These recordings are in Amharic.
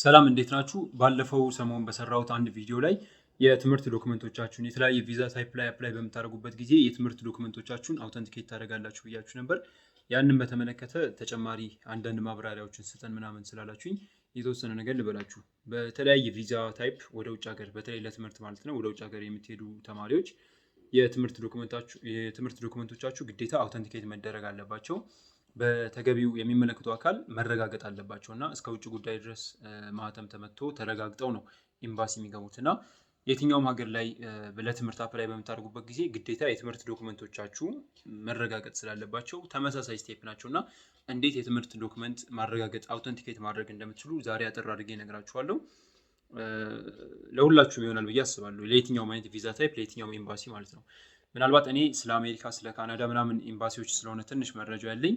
ሰላም እንዴት ናችሁ? ባለፈው ሰሞን በሰራሁት አንድ ቪዲዮ ላይ የትምህርት ዶክመንቶቻችሁን የተለያየ ቪዛ ታይፕ ላይ አፕላይ በምታደርጉበት ጊዜ የትምህርት ዶክመንቶቻችሁን አውተንቲኬት ታደርጋላችሁ ብያችሁ ነበር። ያንን በተመለከተ ተጨማሪ አንዳንድ ማብራሪያዎችን ስጠን ምናምን ስላላችሁኝ የተወሰነ ነገር ልበላችሁ። በተለያየ ቪዛ ታይፕ ወደ ውጭ ሀገር በተለይ ለትምህርት ማለት ነው ወደ ውጭ ሀገር የምትሄዱ ተማሪዎች የትምህርት ዶክመንቶቻችሁ ግዴታ አውተንቲኬት መደረግ አለባቸው። በተገቢው የሚመለከተው አካል መረጋገጥ አለባቸው እና እስከ ውጭ ጉዳይ ድረስ ማህተም ተመቶ ተረጋግጠው ነው ኤምባሲ የሚገቡት እና የትኛውም ሀገር ላይ ለትምህርት አፕላይ በምታደርጉበት ጊዜ ግዴታ የትምህርት ዶክመንቶቻችሁ መረጋገጥ ስላለባቸው ተመሳሳይ ስቴፕ ናቸው እና እንዴት የትምህርት ዶክመንት ማረጋገጥ አውተንቲኬት ማድረግ እንደምትችሉ ዛሬ አጠር አድርጌ እነግራችኋለሁ። ለሁላችሁም ይሆናል ብዬ አስባለሁ። ለየትኛውም አይነት ቪዛ ታይፕ፣ ለየትኛውም ኤምባሲ ማለት ነው። ምናልባት እኔ ስለ አሜሪካ ስለ ካናዳ ምናምን ኤምባሲዎች ስለሆነ ትንሽ መረጃ ያለኝ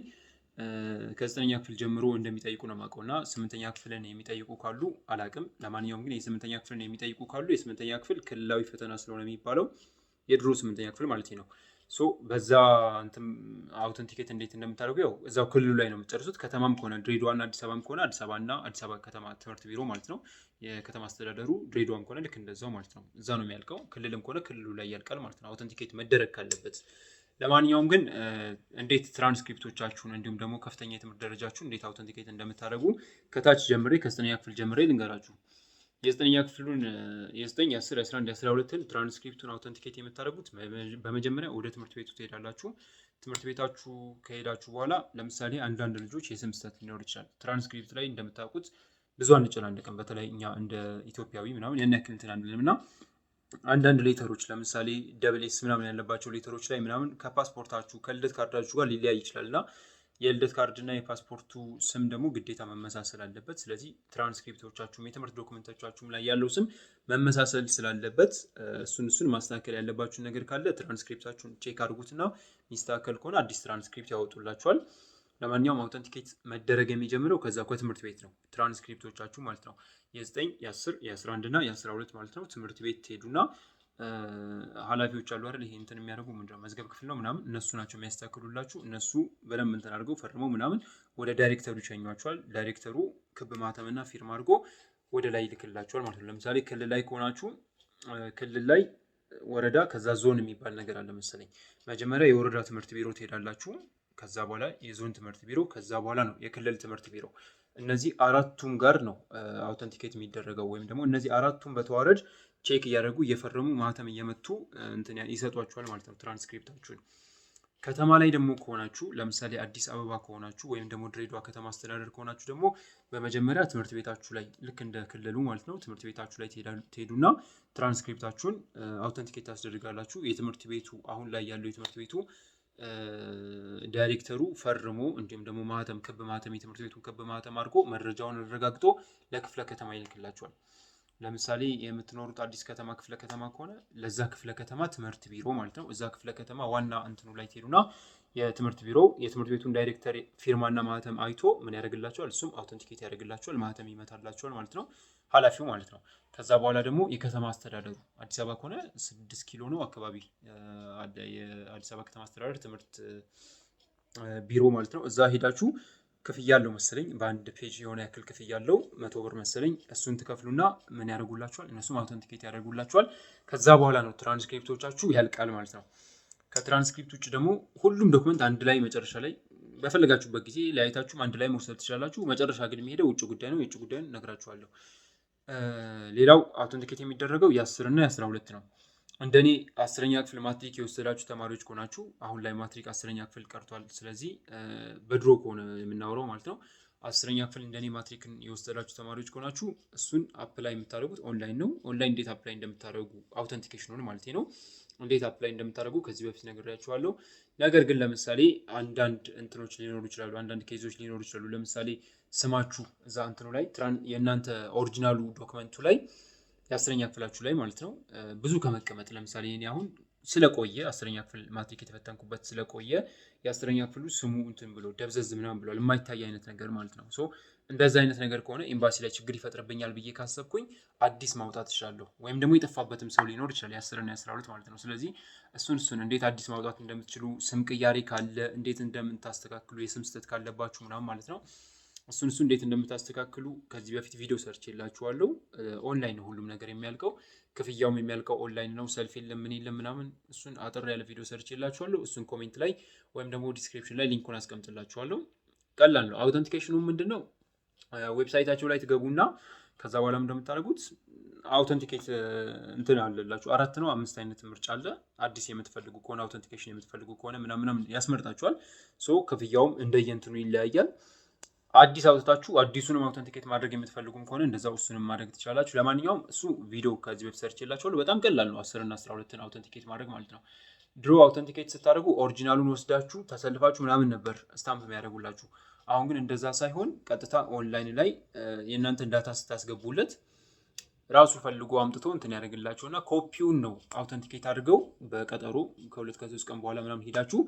ከዘጠነኛ ክፍል ጀምሮ እንደሚጠይቁ ነው የማውቀው እና ስምንተኛ ክፍልን የሚጠይቁ ካሉ አላቅም። ለማንኛውም ግን የስምንተኛ ክፍልን የሚጠይቁ ካሉ የስምንተኛ ክፍል ክልላዊ ፈተና ስለሆነ የሚባለው የድሮ ስምንተኛ ክፍል ማለት ነው። ሶ በዛ አውተንቲኬት እንዴት እንደምታደርጉ ያው እዛው ክልሉ ላይ ነው የምትጨርሱት። ከተማም ከሆነ ድሬዳዋና አዲስ አበባም ከሆነ አዲስ አበባና አዲስ አበባ ከተማ ትምህርት ቢሮ ማለት ነው የከተማ አስተዳደሩ፣ ድሬዳዋም ከሆነ ልክ እንደዛው ማለት ነው። እዛ ነው የሚያልቀው። ክልልም ከሆነ ክልሉ ላይ ያልቃል ማለት ነው። አውተንቲኬት መደረግ ካለበት ለማንኛውም ግን እንዴት ትራንስክሪፕቶቻችሁን እንዲሁም ደግሞ ከፍተኛ የትምህርት ደረጃችሁን እንዴት አውተንቲኬት እንደምታደርጉ ከታች ጀምሬ ከዘጠነኛ ክፍል ጀምሬ ልንገራችሁ። የዘጠነኛ ክፍሉን የዘጠኝ የአስር የአስራ አንድ የአስራ ሁለትን ትራንስክሪፕቱን አውተንቲኬት የምታደርጉት በመጀመሪያ ወደ ትምህርት ቤቱ ትሄዳላችሁ። ትምህርት ቤታችሁ ከሄዳችሁ በኋላ ለምሳሌ አንዳንድ ልጆች የስም ስህተት ሊኖር ይችላል። ትራንስክሪፕት ላይ እንደምታውቁት ብዙ አንጨናነቅም። በተለይ እኛ እንደ ኢትዮጵያዊ ምናምን ያን ያክል እንትን አንልም እና አንዳንድ ሌተሮች ለምሳሌ ደብል ኤስ ምናምን ያለባቸው ሌተሮች ላይ ምናምን ከፓስፖርታችሁ ከልደት ካርዳችሁ ጋር ሊለያይ ይችላል እና የልደት ካርድ እና የፓስፖርቱ ስም ደግሞ ግዴታ መመሳሰል አለበት። ስለዚህ ትራንስክሪፕቶቻችሁም የትምህርት ዶክመንቶቻችሁም ላይ ያለው ስም መመሳሰል ስላለበት እሱን እሱን ማስተካከል ያለባችሁ ነገር ካለ ትራንስክሪፕታችሁን ቼክ አድርጉትና ሚስተካከል ከሆነ አዲስ ትራንስክሪፕት ያወጡላችኋል። ለማንኛውም አውተንቲኬት መደረግ የሚጀምረው ከዛ ከትምህርት ቤት ነው። ትራንስክሪፕቶቻችሁ ማለት ነው። የዘጠኝ 10 የ 11 እና የ 12 ማለት ነው። ትምህርት ቤት ትሄዱና ኃላፊዎች አሉ አይደል? ይሄ እንትን የሚያደርጉ ምንድን መዝገብ ክፍል ነው ምናምን፣ እነሱ ናቸው የሚያስተካክሉላችሁ። እነሱ በደንብ እንትን አድርገው ፈርመው ምናምን ወደ ዳይሬክተሩ ይሸኟቸዋል። ዳይሬክተሩ ክብ ማተምና ፊርማ አድርጎ ወደ ላይ ይልክላቸዋል ማለት ነው። ለምሳሌ ክልል ላይ ከሆናችሁ ክልል ላይ ወረዳ፣ ከዛ ዞን የሚባል ነገር አለ መሰለኝ። መጀመሪያ የወረዳ ትምህርት ቢሮ ትሄዳላችሁ ከዛ በኋላ የዞን ትምህርት ቢሮ፣ ከዛ በኋላ ነው የክልል ትምህርት ቢሮ። እነዚህ አራቱም ጋር ነው አውተንቲኬት የሚደረገው ወይም ደግሞ እነዚህ አራቱም በተዋረድ ቼክ እያደረጉ እየፈረሙ ማህተም እየመቱ እንትን ይሰጧቸዋል ማለት ነው ትራንስክሪፕታችሁን። ከተማ ላይ ደግሞ ከሆናችሁ ለምሳሌ አዲስ አበባ ከሆናችሁ ወይም ደግሞ ድሬዳዋ ከተማ አስተዳደር ከሆናችሁ ደግሞ በመጀመሪያ ትምህርት ቤታችሁ ላይ ልክ እንደ ክልሉ ማለት ነው ትምህርት ቤታችሁ ላይ ትሄዱና ትራንስክሪፕታችሁን አውተንቲኬት ታስደርጋላችሁ። የትምህርት ቤቱ አሁን ላይ ያለው የትምህርት ቤቱ ዳይሬክተሩ ፈርሞ እንዲሁም ደግሞ ማህተም ክብ ማህተም የትምህርት ቤቱን ክብ ማህተም አድርጎ መረጃውን አረጋግጦ ለክፍለ ከተማ ይልክላቸዋል። ለምሳሌ የምትኖሩት አዲስ ከተማ ክፍለ ከተማ ከሆነ ለዛ ክፍለ ከተማ ትምህርት ቢሮ ማለት ነው። እዛ ክፍለ ከተማ ዋና እንትኑ ላይ ትሄዱና የትምህርት ቢሮ የትምህርት ቤቱን ዳይሬክተር ፊርማና ማህተም አይቶ ምን ያደርግላቸዋል? እሱም አውተንቲኬት ያደርግላቸዋል፣ ማህተም ይመታላቸዋል ማለት ነው፣ ኃላፊው ማለት ነው። ከዛ በኋላ ደግሞ የከተማ አስተዳደሩ አዲስ አበባ ከሆነ ስድስት ኪሎ ነው አካባቢ የአዲስ አበባ ከተማ አስተዳደር ትምህርት ቢሮ ማለት ነው። እዛ ሄዳችሁ ክፍያ አለው መሰለኝ በአንድ ፔጅ የሆነ ያክል ክፍያ አለው መቶ ብር መሰለኝ። እሱን ትከፍሉና ምን ያደርጉላቸዋል? እነሱም አውተንቲኬት ያደርጉላቸዋል። ከዛ በኋላ ነው ትራንስክሪፕቶቻችሁ ያልቃል ማለት ነው። ከትራንስክሪፕት ውጭ ደግሞ ሁሉም ዶክመንት አንድ ላይ መጨረሻ ላይ በፈለጋችሁበት ጊዜ ለያይታችሁም አንድ ላይ መውሰድ ትችላላችሁ። መጨረሻ ግን የሚሄደው ውጭ ጉዳይ ነው። የውጭ ጉዳይን ነግራችኋለሁ። ሌላው አውቶንቲኬት የሚደረገው የአስርና የአስራ ሁለት ነው። እንደኔ አስረኛ ክፍል ማትሪክ የወሰዳችሁ ተማሪዎች ከሆናችሁ አሁን ላይ ማትሪክ አስረኛ ክፍል ቀርቷል። ስለዚህ በድሮ ከሆነ የምናወራው ማለት ነው። አስረኛ ክፍል እንደኔ ማትሪክን የወሰዳችሁ ተማሪዎች ከሆናችሁ እሱን አፕላይ የምታደርጉት ኦንላይን ነው። ኦንላይን እንዴት አፕላይ እንደምታደርጉ ሆን ማለት ነው እንዴት አፕላይ እንደምታደርጉ ከዚህ በፊት ነግሬያችኋለሁ። ነገር ግን ለምሳሌ አንዳንድ እንትኖች ሊኖሩ ይችላሉ፣ አንዳንድ ኬዞች ሊኖሩ ይችላሉ። ለምሳሌ ስማችሁ እዛ እንትኑ ላይ የእናንተ ኦሪጂናሉ ዶክመንቱ ላይ የአስረኛ ክፍላችሁ ላይ ማለት ነው ብዙ ከመቀመጥ ለምሳሌ እኔ አሁን ስለቆየ አስረኛ ክፍል ማትሪክ የተፈተንኩበት ስለቆየ የአስረኛ ክፍሉ ስሙ እንትን ብሎ ደብዘዝ ምናምን ብሏል። የማይታይ አይነት ነገር ማለት ነው። ሶ እንደዚ አይነት ነገር ከሆነ ኤምባሲ ላይ ችግር ይፈጥርብኛል ብዬ ካሰብኩኝ አዲስ ማውጣት እችላለሁ። ወይም ደግሞ የጠፋበትም ሰው ሊኖር ይችላል የአስርና የአስራ ሁለት ማለት ነው። ስለዚህ እሱን እሱን እንዴት አዲስ ማውጣት እንደምትችሉ ስም ቅያሬ ካለ እንዴት እንደምታስተካክሉ የስም ስህተት ካለባችሁ ምናምን ማለት ነው እሱን እሱ እንዴት እንደምታስተካክሉ ከዚህ በፊት ቪዲዮ ሰርች የላችኋለሁ። ኦንላይን ነው ሁሉም ነገር የሚያልቀው፣ ክፍያውም የሚያልቀው ኦንላይን ነው። ሰልፍ የለም ምን የለም ምናምን፣ እሱን አጠር ያለ ቪዲዮ ሰርች የላችኋለሁ። እሱን ኮሜንት ላይ ወይም ደግሞ ዲስክሪፕሽን ላይ ሊንኩን አስቀምጥላችኋለሁ። ቀላል ነው። አውተንቲኬሽኑ ምንድን ነው? ዌብሳይታቸው ላይ ትገቡና ከዛ በኋላ እንደምታደርጉት አውተንቲኬት እንትን አለላችሁ። አራት ነው አምስት አይነት ምርጫ አለ። አዲስ የምትፈልጉ ከሆነ አውተንቲኬሽን የምትፈልጉ ከሆነ ምናምናም ያስመርጣችኋል። ሶ ክፍያውም እንደየንትኑ ይለያያል። አዲስ አውጥታችሁ አዲሱንም አውተንቲኬት ማድረግ የምትፈልጉም ከሆነ እንደዛ እሱንም ማድረግ ትችላላችሁ። ለማንኛውም እሱ ቪዲዮ ከዚህ ዌብ ሰርች በጣም ቀላል ነው፣ አስርና አስራ ሁለትን አውተንቲኬት ማድረግ ማለት ነው። ድሮ አውተንቲኬት ስታደርጉ ኦሪጂናሉን ወስዳችሁ ተሰልፋችሁ ምናምን ነበር ስታምፕ የሚያደርጉላችሁ አሁን ግን እንደዛ ሳይሆን ቀጥታ ኦንላይን ላይ የእናንተን ዳታ ስታስገቡለት ራሱ ፈልጎ አምጥቶ እንትን ያደርግላቸውና ኮፒውን ነው አውተንቲኬት አድርገው በቀጠሮ ከሁለት ከሶስት ቀን በኋላ ምናምን ሄዳችሁ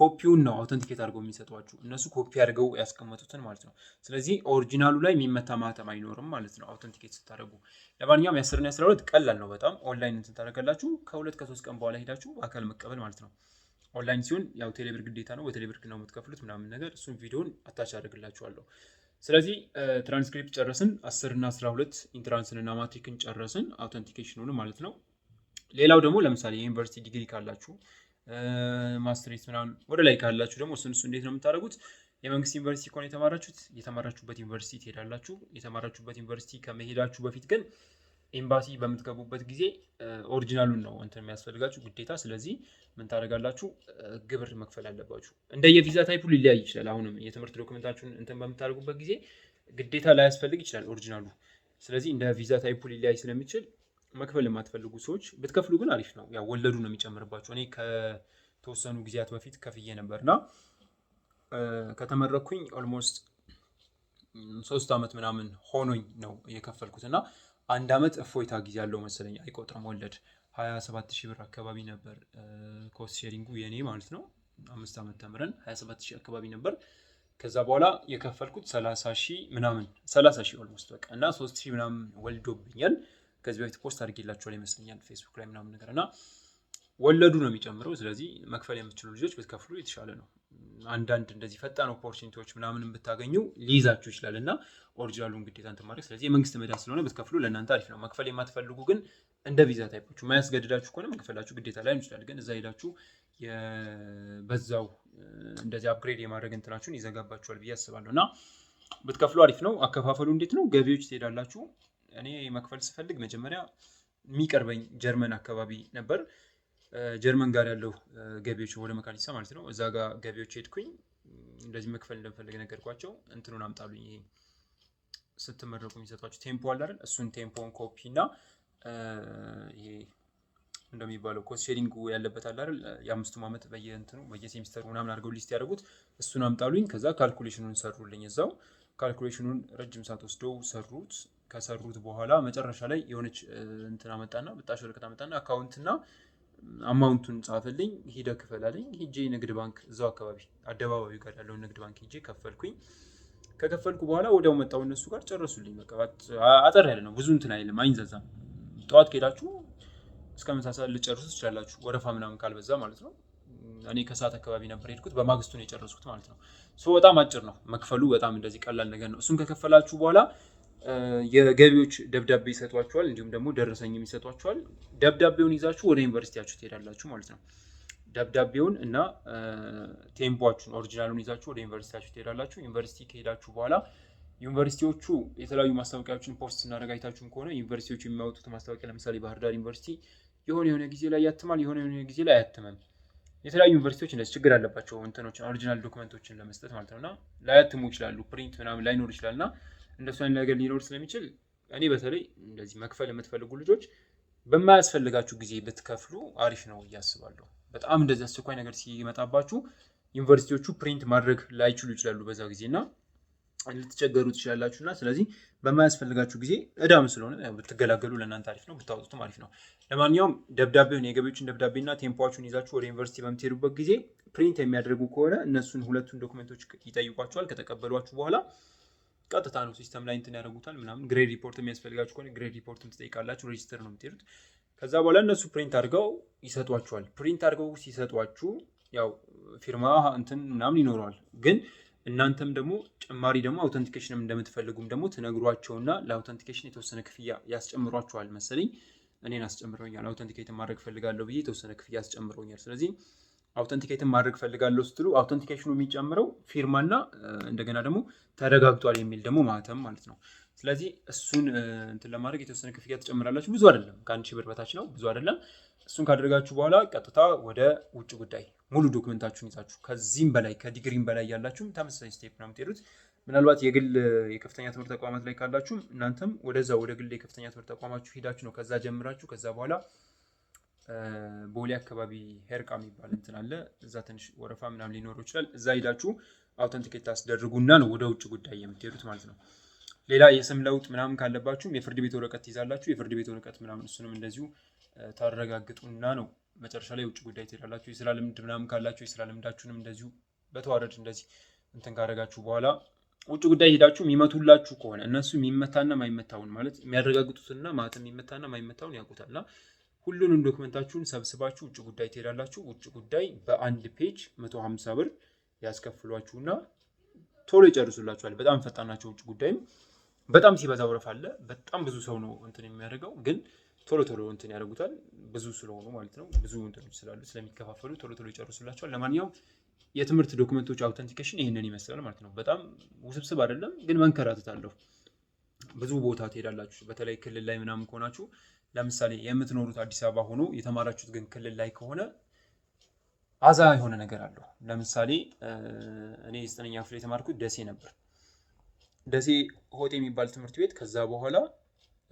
ኮፒውን ነው አውተንቲኬት አድርገው የሚሰጧችሁ እነሱ ኮፒ አድርገው ያስቀመጡትን ማለት ነው። ስለዚህ ኦሪጂናሉ ላይ የሚመታ ማህተም አይኖርም ማለት ነው አውተንቲኬት ስታደርጉ። ለማንኛውም የአስርና የአስራ ሁለት ቀላል ነው በጣም ኦንላይን እንትን ታደርጋላችሁ። ከሁለት ከሶስት ቀን በኋላ ሄዳችሁ አካል መቀበል ማለት ነው። ኦንላይን ሲሆን ያው ቴሌብር ግዴታ ነው፣ በቴሌብርክ ነው የምትከፍሉት ምናምን ነገር እሱን ቪዲዮን አታች አደርግላችኋለሁ። ስለዚህ ትራንስክሪፕት ጨረስን፣ አስር እና አስራ ሁለት ኢንትራንስን እና ማትሪክን ጨረስን፣ አውተንቲኬሽኑን ማለት ነው። ሌላው ደግሞ ለምሳሌ የዩኒቨርሲቲ ዲግሪ ካላችሁ ማስትሬት ምናምን ወደ ላይ ካላችሁ ደግሞ እሱን እሱ እንዴት ነው የምታደርጉት? የመንግስት ዩኒቨርሲቲ ከሆነ የተማራችሁት የተማራችሁበት ዩኒቨርሲቲ ትሄዳላችሁ። የተማራችሁበት ዩኒቨርሲቲ ከመሄዳችሁ በፊት ግን ኤምባሲ በምትገቡበት ጊዜ ኦሪጂናሉን ነው እንትን የሚያስፈልጋችሁ ግዴታ። ስለዚህ ምን ታደርጋላችሁ? ግብር መክፈል አለባችሁ። እንደ የቪዛ ታይፑ ሊለያይ ይችላል። አሁንም የትምህርት ዶክመንታችሁን እንትን በምታደርጉበት ጊዜ ግዴታ ላያስፈልግ ይችላል ኦሪጂናሉ። ስለዚህ እንደ ቪዛ ታይፑ ሊለያይ ስለሚችል መክፈል የማትፈልጉ ሰዎች ብትከፍሉ ግን አሪፍ ነው። ያው ወለዱ ነው የሚጨምርባቸው። እኔ ከተወሰኑ ጊዜያት በፊት ከፍዬ ነበር እና ከተመረኩኝ ኦልሞስት ሶስት ዓመት ምናምን ሆኖኝ ነው የከፈልኩት እና አንድ አመት እፎይታ ጊዜ ያለው መሰለኝ አይቆጥርም ወለድ 27 ሺህ ብር አካባቢ ነበር ኮስት ሼሪንጉ የኔ ማለት ነው። አምስት ዓመት ተምረን 27 አካባቢ ነበር። ከዛ በኋላ የከፈልኩት 30 ምናምን 30 ሺህ ኦልሞስት በቃ እና 3 ምናምን ወልዶብኛል። ከዚህ በፊት ፖስት አድርጌላችኋል ይመስለኛል ፌስቡክ ላይ ምናምን ነገር እና ወለዱ ነው የሚጨምረው። ስለዚህ መክፈል የምትችሉ ልጆች ብትከፍሉ የተሻለ ነው። አንዳንድ እንደዚህ ፈጣን ኦፖርቹኒቲዎች ምናምን ብታገኙ ሊይዛችሁ ይችላል እና ኦሪጂናሉን ግዴታ እንትን ማድረግ ስለዚህ የመንግስት መዳ ስለሆነ ብትከፍሉ ለእናንተ አሪፍ ነው። መክፈል የማትፈልጉ ግን እንደ ቪዛ ታይፖቹ ማያስገድዳችሁ ከሆነ መክፈላችሁ ግዴታ ላይ ይችላል። ግን እዛ ሄዳችሁ በዛው እንደዚህ አፕግሬድ የማድረግ እንትናችሁን ይዘጋባችኋል ብዬ አስባለሁ እና ብትከፍሉ አሪፍ ነው። አከፋፈሉ እንዴት ነው? ገቢዎች ትሄዳላችሁ። እኔ መክፈል ስፈልግ መጀመሪያ የሚቀርበኝ ጀርመን አካባቢ ነበር። ጀርመን ጋር ያለው ገቢዎች ወደ መካኒሳ ማለት ነው። እዛ ጋር ገቢዎች ሄድኩኝ። እንደዚህ መክፈል እንደምፈልግ ነገርኳቸው። እንትኑን አምጣሉኝ ይሄ ስትመረቁ የሚሰጧቸው ቴምፖ አላለን እሱን ቴምፖን ኮፒ እና ይሄ እንደሚባለው ኮስት ሼሪንግ ያለበት አለ አይደል? የአምስቱም ዓመት በየእንትኑ በየሴሚስተር ምናምን አድርገው ሊስት ያደረጉት እሱን አምጣሉኝ። ከዛ ካልኩሌሽኑን ሰሩልኝ እዛው። ካልኩሌሽኑን ረጅም ሰዓት ወስደው ሰሩት። ከሰሩት በኋላ መጨረሻ ላይ የሆነች እንትን አመጣና ብጣሽ ወረቀት አመጣና አካውንትና አማውንቱን ጻፈልኝ። ሂደ ክፈል አለኝ። ሂጄ ንግድ ባንክ እዛው አካባቢ አደባባዩ ጋር ያለውን ንግድ ባንክ ሂጄ ከፈልኩኝ። ከከፈልኩ በኋላ ወዲያው መጣው እነሱ ጋር ጨረሱልኝ። በቃ አጠር ያለ ነው፣ ብዙ እንትን አይልም፣ አይንዛዛም። ጠዋት ከሄዳችሁ እስከ ምሳ ሰዓት ልጨርሱ ትችላላችሁ፣ ወረፋ ምናምን ካልበዛ ማለት ነው። እኔ ከሰዓት አካባቢ ነበር ሄድኩት፣ በማግስቱ ነው የጨረስኩት ማለት ነው። በጣም አጭር ነው መክፈሉ፣ በጣም እንደዚህ ቀላል ነገር ነው። እሱን ከከፈላችሁ በኋላ የገቢዎች ደብዳቤ ይሰጧቸዋል እንዲሁም ደግሞ ደረሰኝም ይሰጧችኋል። ደብዳቤውን ይዛችሁ ወደ ዩኒቨርሲቲያችሁ ትሄዳላችሁ ማለት ነው። ደብዳቤውን እና ቴምቧችሁን ኦሪጂናሉን ይዛችሁ ወደ ዩኒቨርሲቲያችሁ ትሄዳላችሁ። ዩኒቨርሲቲ ከሄዳችሁ በኋላ ዩኒቨርሲቲዎቹ የተለያዩ ማስታወቂያዎችን ፖስት ስናደርጋይታችሁም ከሆነ ዩኒቨርሲቲዎች የሚያወጡት ማስታወቂያ ለምሳሌ ባህር ዳር ዩኒቨርሲቲ የሆነ የሆነ ጊዜ ላይ ያትማል፣ የሆነ የሆነ ጊዜ ላይ አያትምም። የተለያዩ ዩኒቨርሲቲዎች እንደዚህ ችግር አለባቸው እንትኖችን ኦሪጂናል ዶክመንቶችን ለመስጠት ማለት ነው እና ላያትሙ ይችላሉ፣ ፕሪንት ምናምን ላይኖር ይችላል እና እንደሱ አይነት ነገር ሊኖር ስለሚችል እኔ በተለይ እንደዚህ መክፈል የምትፈልጉ ልጆች በማያስፈልጋችሁ ጊዜ ብትከፍሉ አሪፍ ነው እያስባለሁ። በጣም እንደዚህ አስቸኳይ ነገር ሲመጣባችሁ ዩኒቨርሲቲዎቹ ፕሪንት ማድረግ ላይችሉ ይችላሉ በዛ ጊዜ እና ልትቸገሩ ትችላላችሁ እና ስለዚህ በማያስፈልጋችሁ ጊዜ እዳም ስለሆነ ብትገላገሉ ለእናንተ አሪፍ ነው፣ ብታወጡትም አሪፍ ነው። ለማንኛውም ደብዳቤውን የገቢዎችን ደብዳቤና ቴምፖዋችሁን ይዛችሁ ወደ ዩኒቨርሲቲ በምትሄዱበት ጊዜ ፕሪንት የሚያደርጉ ከሆነ እነሱን ሁለቱን ዶክመንቶች ይጠይቋቸዋል። ከተቀበሏችሁ በኋላ ቀጥታ ነው ሲስተም ላይ እንትን ያደርጉታል ምናምን። ግሬድ ሪፖርት የሚያስፈልጋችሁ ከሆነ ግሬድ ሪፖርት ትጠይቃላችሁ። ሬጅስተር ነው የምትሄዱት። ከዛ በኋላ እነሱ ፕሪንት አድርገው ይሰጧችኋል። ፕሪንት አድርገው ሲሰጧችሁ ያው ፊርማ እንትን ምናምን ይኖረዋል። ግን እናንተም ደግሞ ጭማሪ ደግሞ አውተንቲኬሽንም እንደምትፈልጉም ደግሞ ትነግሯቸውና ለአውተንቲኬሽን የተወሰነ ክፍያ ያስጨምሯችኋል መሰለኝ። እኔን አስጨምረውኛል። አውተንቲኬት ማድረግ ፈልጋለሁ ብዬ የተወሰነ ክፍያ አስጨምረውኛል። ስለዚህ አውተንቲኬትን ማድረግ ፈልጋለሁ ስትሉ አውተንቲኬሽኑ የሚጨምረው ፊርማና እንደገና ደግሞ ተረጋግጧል የሚል ደግሞ ማተም ማለት ነው። ስለዚህ እሱን እንትን ለማድረግ የተወሰነ ክፍያ ትጨምራላችሁ። ብዙ አይደለም፣ ከአንድ ሺህ ብር በታች ነው፣ ብዙ አይደለም። እሱን ካደረጋችሁ በኋላ ቀጥታ ወደ ውጭ ጉዳይ ሙሉ ዶክመንታችሁን ይዛችሁ ከዚህም በላይ ከዲግሪም በላይ ያላችሁም ተመሳሳይ ስቴፕ ነው የምትሄዱት። ምናልባት የግል የከፍተኛ ትምህርት ተቋማት ላይ ካላችሁም እናንተም ወደዛ ወደ ግል የከፍተኛ ትምህርት ተቋማችሁ ሄዳችሁ ነው ከዛ ጀምራችሁ ከዛ በኋላ ቦሌ አካባቢ ሄርቃ የሚባል እንትን አለ። እዛ ትንሽ ወረፋ ምናምን ሊኖረው ይችላል። እዛ ሄዳችሁ አውተንቲኬት ታስደርጉና ነው ወደ ውጭ ጉዳይ የምትሄዱት ማለት ነው። ሌላ የስም ለውጥ ምናምን ካለባችሁም የፍርድ ቤት ወረቀት ትይዛላችሁ። የፍርድ ቤት ወረቀት ምናምን እሱንም እንደዚሁ ታረጋግጡና ነው መጨረሻ ላይ የውጭ ጉዳይ ትሄዳላችሁ። የስራ ልምድ ምናምን ካላችሁ የስራ ልምዳችሁንም እንደዚሁ በተዋረድ እንደዚህ እንትን ካደረጋችሁ በኋላ ውጭ ጉዳይ ሄዳችሁ የሚመቱላችሁ ከሆነ እነሱ የሚመታና ማይመታውን ማለት የሚያረጋግጡትና ማለት የሚመታና ማይመታውን ያውቁታልና ሁሉንም ዶክመንታችሁን ሰብስባችሁ ውጭ ጉዳይ ትሄዳላችሁ። ውጭ ጉዳይ በአንድ ፔጅ 150 ብር ያስከፍሏችሁና ቶሎ ይጨርሱላችኋል። በጣም ፈጣን ናቸው። ውጭ ጉዳይም በጣም ሲበዛ ወረፋ አለ። በጣም ብዙ ሰው ነው እንትን የሚያደርገው፣ ግን ቶሎ ቶሎ እንትን ያደርጉታል። ብዙ ስለሆኑ ማለት ነው። ብዙ እንትኖች ስላሉ ስለሚከፋፈሉ ቶሎ ቶሎ ይጨርሱላችኋል። ለማንኛውም የትምህርት ዶክመንቶች አውተንቲኬሽን ይህንን ይመስላል ማለት ነው። በጣም ውስብስብ አይደለም፣ ግን መንከራተት ብዙ ቦታ ትሄዳላችሁ። በተለይ ክልል ላይ ምናምን ከሆናችሁ ለምሳሌ የምትኖሩት አዲስ አበባ ሆኖ የተማራችሁት ግን ክልል ላይ ከሆነ አዛ የሆነ ነገር አለው። ለምሳሌ እኔ ዘጠነኛ ክፍል የተማርኩት ደሴ ነበር። ደሴ ሆቴ የሚባል ትምህርት ቤት፣ ከዛ በኋላ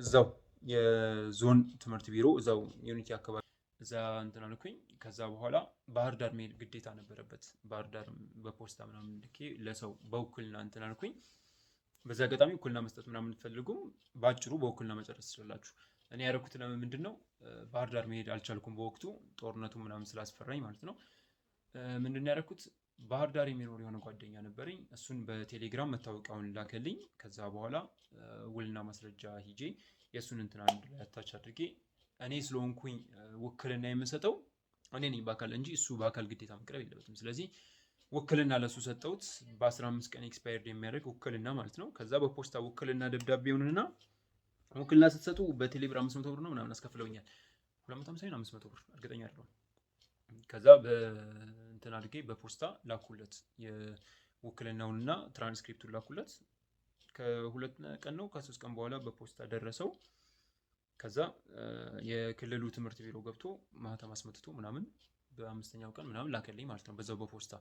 እዛው የዞን ትምህርት ቢሮ እዛው ዩኒቲ አካባቢ እዛ እንትን አልኩኝ። ከዛ በኋላ ባህር ዳር መሄድ ግዴታ ነበረበት። ባህር ዳር በፖስታ ምናምን ልኬ ለሰው በውክልና እንትን አልኩኝ። በዛ አጋጣሚ ውክልና መስጠት ምናምን ፈልጉም፣ በአጭሩ በውክልና መጨረስ ትችላላችሁ። እኔ ያደረኩት ለምን ምንድን ነው ባህር ዳር መሄድ አልቻልኩም። በወቅቱ ጦርነቱ ምናምን ስላስፈራኝ ማለት ነው። ምንድን ነው ያደረኩት ባህር ዳር የሚኖር የሆነ ጓደኛ ነበረኝ። እሱን በቴሌግራም መታወቂያውን ላከልኝ። ከዛ በኋላ ውልና ማስረጃ ሂጄ የእሱን እንትን አንድ ላይ አታች አድርጌ እኔ ስለሆንኩኝ ውክልና የምሰጠው እኔ ነኝ በአካል እንጂ እሱ በአካል ግዴታ መቅረብ የለበትም። ስለዚህ ውክልና ለሱ ሰጠውት በ በ15 ቀን ኤክስፓየርድ የሚያደርግ ውክልና ማለት ነው። ከዛ በፖስታ ውክልና ደብዳቤውንና ውክልና ስትሰጡ በቴሌብር አምስት መቶ ብር ነው ምናምን አስከፍለውኛል። ሁለት መቶ ሃምሳ አምስት መቶ ብር እርግጠኛ አይደለሁም። ከዛ በእንትን አድርጌ በፖስታ ላኩለት የውክልናውንና ትራንስክሪፕቱን ላኩለት። ከሁለት ቀን ነው ከሶስት ቀን በኋላ በፖስታ ደረሰው። ከዛ የክልሉ ትምህርት ቢሮ ገብቶ ማህተም አስመትቶ ምናምን በአምስተኛው ቀን ምናምን ላከልኝ ማለት ነው በዛው በፖስታ።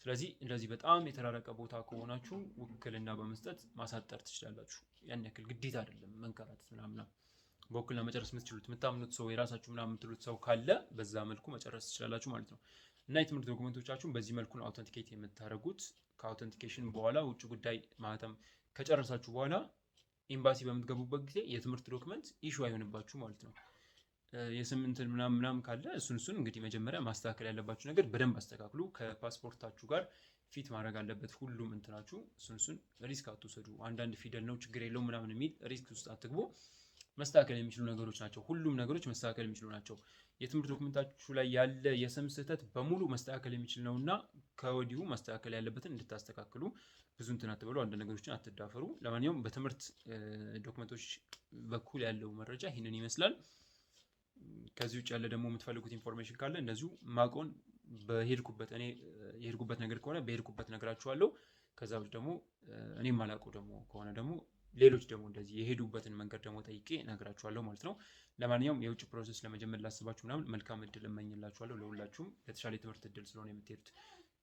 ስለዚህ እንደዚህ በጣም የተራረቀ ቦታ ከሆናችሁ ውክልና በመስጠት ማሳጠር ትችላላችሁ። ያን ያክል ግዴታ አይደለም መንከራተት ምናምን። በውክልና መጨረስ የምትችሉት የምታምኑት ሰው የራሳችሁ ምናምን የምትሉት ሰው ካለ በዛ መልኩ መጨረስ ትችላላችሁ ማለት ነው። እና የትምህርት ዶክመንቶቻችሁን በዚህ መልኩ ነው አውተንቲኬት የምታደርጉት። ከአውተንቲኬሽን በኋላ ውጭ ጉዳይ ማህተም ከጨረሳችሁ በኋላ ኤምባሲ በምትገቡበት ጊዜ የትምህርት ዶክመንት ኢሹ አይሆንባችሁ ማለት ነው። የስምንትን ምናምን ምናምን ካለ እሱን እሱን እንግዲህ መጀመሪያ ማስተካከል ያለባችሁ ነገር በደንብ አስተካክሉ። ከፓስፖርታችሁ ጋር ፊት ማድረግ አለበት ሁሉም እንትናችሁ። እሱን እሱን ሪስክ አትውሰዱ። አንዳንድ ፊደል ነው ችግር የለው ምናምን የሚል ሪስክ ውስጥ አትግቡ። መስተካከል የሚችሉ ነገሮች ናቸው። ሁሉም ነገሮች መስተካከል የሚችሉ ናቸው። የትምህርት ዶክመንታችሁ ላይ ያለ የስም ስህተት በሙሉ መስተካከል የሚችል ነው እና ከወዲሁ ማስተካከል ያለበትን እንድታስተካክሉ ብዙ እንትን አትበሉ። አንዳንድ ነገሮችን አትዳፈሩ። ለማንኛውም በትምህርት ዶክመንቶች በኩል ያለው መረጃ ይህንን ይመስላል። ከዚህ ውጭ ያለ ደግሞ የምትፈልጉት ኢንፎርሜሽን ካለ እንደዚሁ ማቆን በሄድኩበት እኔ የሄድኩበት ነገር ከሆነ በሄድኩበት ነግራችኋለሁ። ከዛ ውጭ ደግሞ እኔ ማላቁ ደግሞ ከሆነ ደግሞ ሌሎች ደግሞ እንደዚህ የሄዱበትን መንገድ ደግሞ ጠይቄ ነግራችኋለሁ ማለት ነው። ለማንኛውም የውጭ ፕሮሰስ ለመጀመር ላስባችሁ ምናምን መልካም እድል እመኝላችኋለሁ ለሁላችሁም ለተሻለ ትምህርት እድል ስለሆነ የምትሄዱት።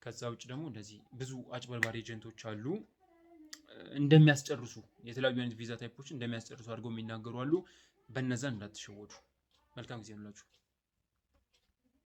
ከዛ ውጭ ደግሞ እንደዚህ ብዙ አጭበርባሪ ኤጀንቶች አሉ እንደሚያስጨርሱ የተለያዩ አይነት ቪዛ ታይፖች እንደሚያስጨርሱ አድርገው የሚናገሩ አሉ። በነዛ እንዳትሸወዱ። መልካም ጊዜ እንላችሁ።